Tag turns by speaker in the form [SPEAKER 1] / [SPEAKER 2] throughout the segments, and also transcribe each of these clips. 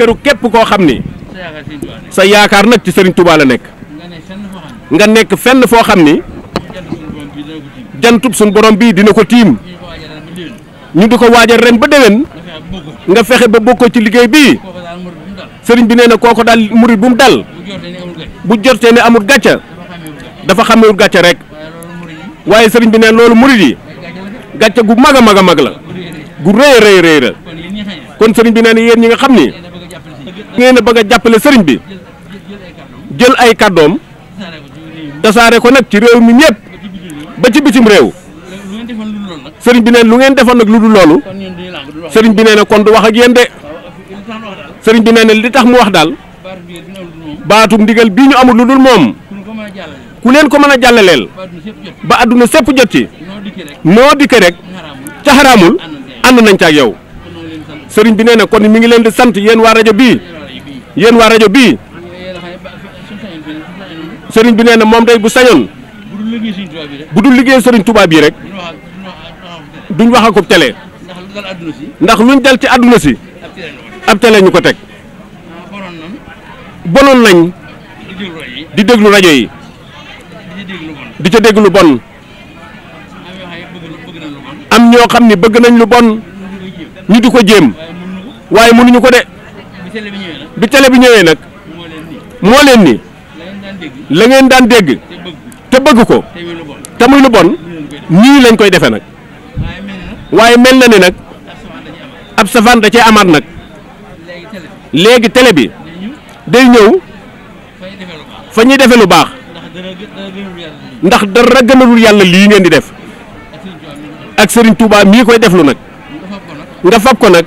[SPEAKER 1] këru képp koo xam ni sa yaakaar nag ci sëriñ Touba la nekk nga nekk fenn foo xam ni jantub suñu borom bii dina ko tiim ñu di ko waajal ren ba déwén nga fexe ba ko ci liggéey bii sëriñ bi nee na kooko dal murit bu mu dal bu jortee ne amul gàcca dafa xamewul gàcca rek waaye sëriñ bi neen loolu murit yi gàcca gu mag a mag a mag la gu rëy rëy rëy kon sëriñ bi nee na yéen nga xam ni ngeen a bëgg jàppale sëriñ bi jël ay kàddoom tasaare ko nag ci réew mi ñëpp ba ci bitim réew sëriñ bi neen lu ngeen defoon nag lu dul loolu sëriñ bi nee na kon du wax ak yéen de sëriñ bi nee li tax mu wax daal baatum ndigal bii ñu amul lu dul moom ku leen ko mën a jàllaleel ba àdduna sépp jot ci noo dikke rek ca xaraamul ànd nañ ca ak yow. sëriñ bi nee na kon mu ngi leen di sant yéen waa rajo bii yéen waa rajo bii sëriñ bi nee na moom day bu sañoon bu dul liggéey sëriñ Touba yi rek duñ wax akub télé ndax luñ dal ci àdduna si ab télé ñu ko teg bonoon nañ di déglu rajo yi di ca dégg lu bon am ñoo xam ni bëgg nañ lu bon ñu di ko jéem waaye mënuñu ko de bi tele bi ñëwee nag moo leen ni la ngeen daan dégg te bëgg ko te muy lu bon nii lañ koy defee nag waaye mel na ne nag ab safaan da cee amaat nag léegi télé bi day ñëw fa ñuy defee lu baax ndax dara gënalul yàlla lii ngeen di def ak Serigne Touba mii koy deflu nag. nga fab ko nag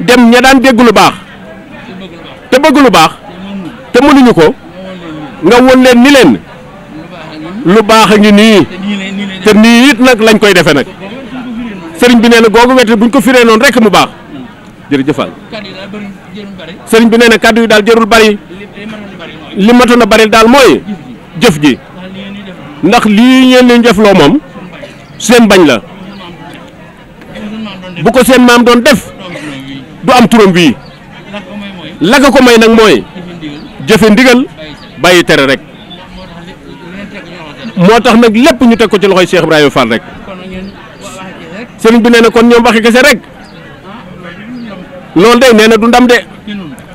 [SPEAKER 1] dem ña daan dégg lu baax te bëgg lu baax te mënuñu ko nga won leen ni leen lu baax a ngi nii te nii it nag lañ koy defee nag sëriñ bi nee na googu wet buñ ko firee noonu rek mu baax jërëjëfal sëriñ bi nee na kàddu yi daal jërul bari li matoon a bari daal mooy jëf ji ndax lii ngeen leen jëfloo moom seen bañ la. bu ko seen maam doon def du am turam bii lakk ko may nag mooy jëfe ndigal bàyyi tere rek moo tax nag lépp ñu teg ko ci loxo Cheikh Ibrahima Fall rek sëriñ bi nee na kon ñoom waxi kese rek loolu day nee na du ndam de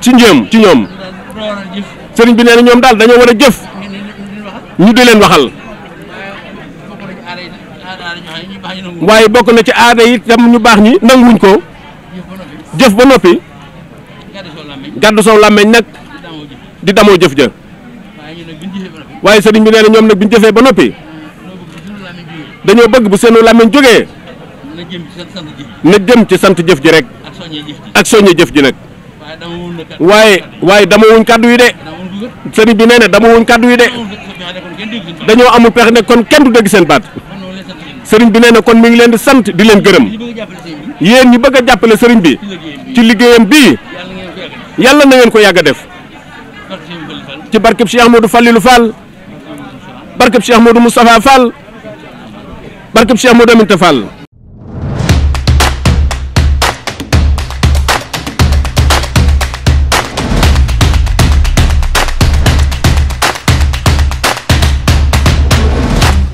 [SPEAKER 1] ci ñoom ci ñoom sëriñ bi nee ñoom daal dañoo war a jëf ñu di leen waxal. waaye bokk na ci aada yi tam ñu baax ñi nanguwuñ ko jëf ba noppi gàddu soo làmmeñ nag di damoo jëf ja waaye sëriñ bi nee na ñoom nag bi ñu jëfee ba noppi dañoo bëgg bu seenu làmmeñ jógee na jëm ci sant jëf ji rek ak soññe jëf ji nag waaye waaye dama wuñ kàddu yi de sëriñ bi nee na dama wuñ kàddu yi de dañoo amul pexe ne kon kenn du dégg seen baat sëriñ bi nee na kon mu ngi leen di sant di leen gërëm yéen ñi bëgg a jàppale sëriñ bi ci liggéeyam bi yàlla na ngeen ko yàgg a def ci barkeb Cheikh Ahmadou Fallilou Fall barkeb Cheikh Ahmadou Moustapha Fall barkeb Cheikh Ahmadou Aminta Fall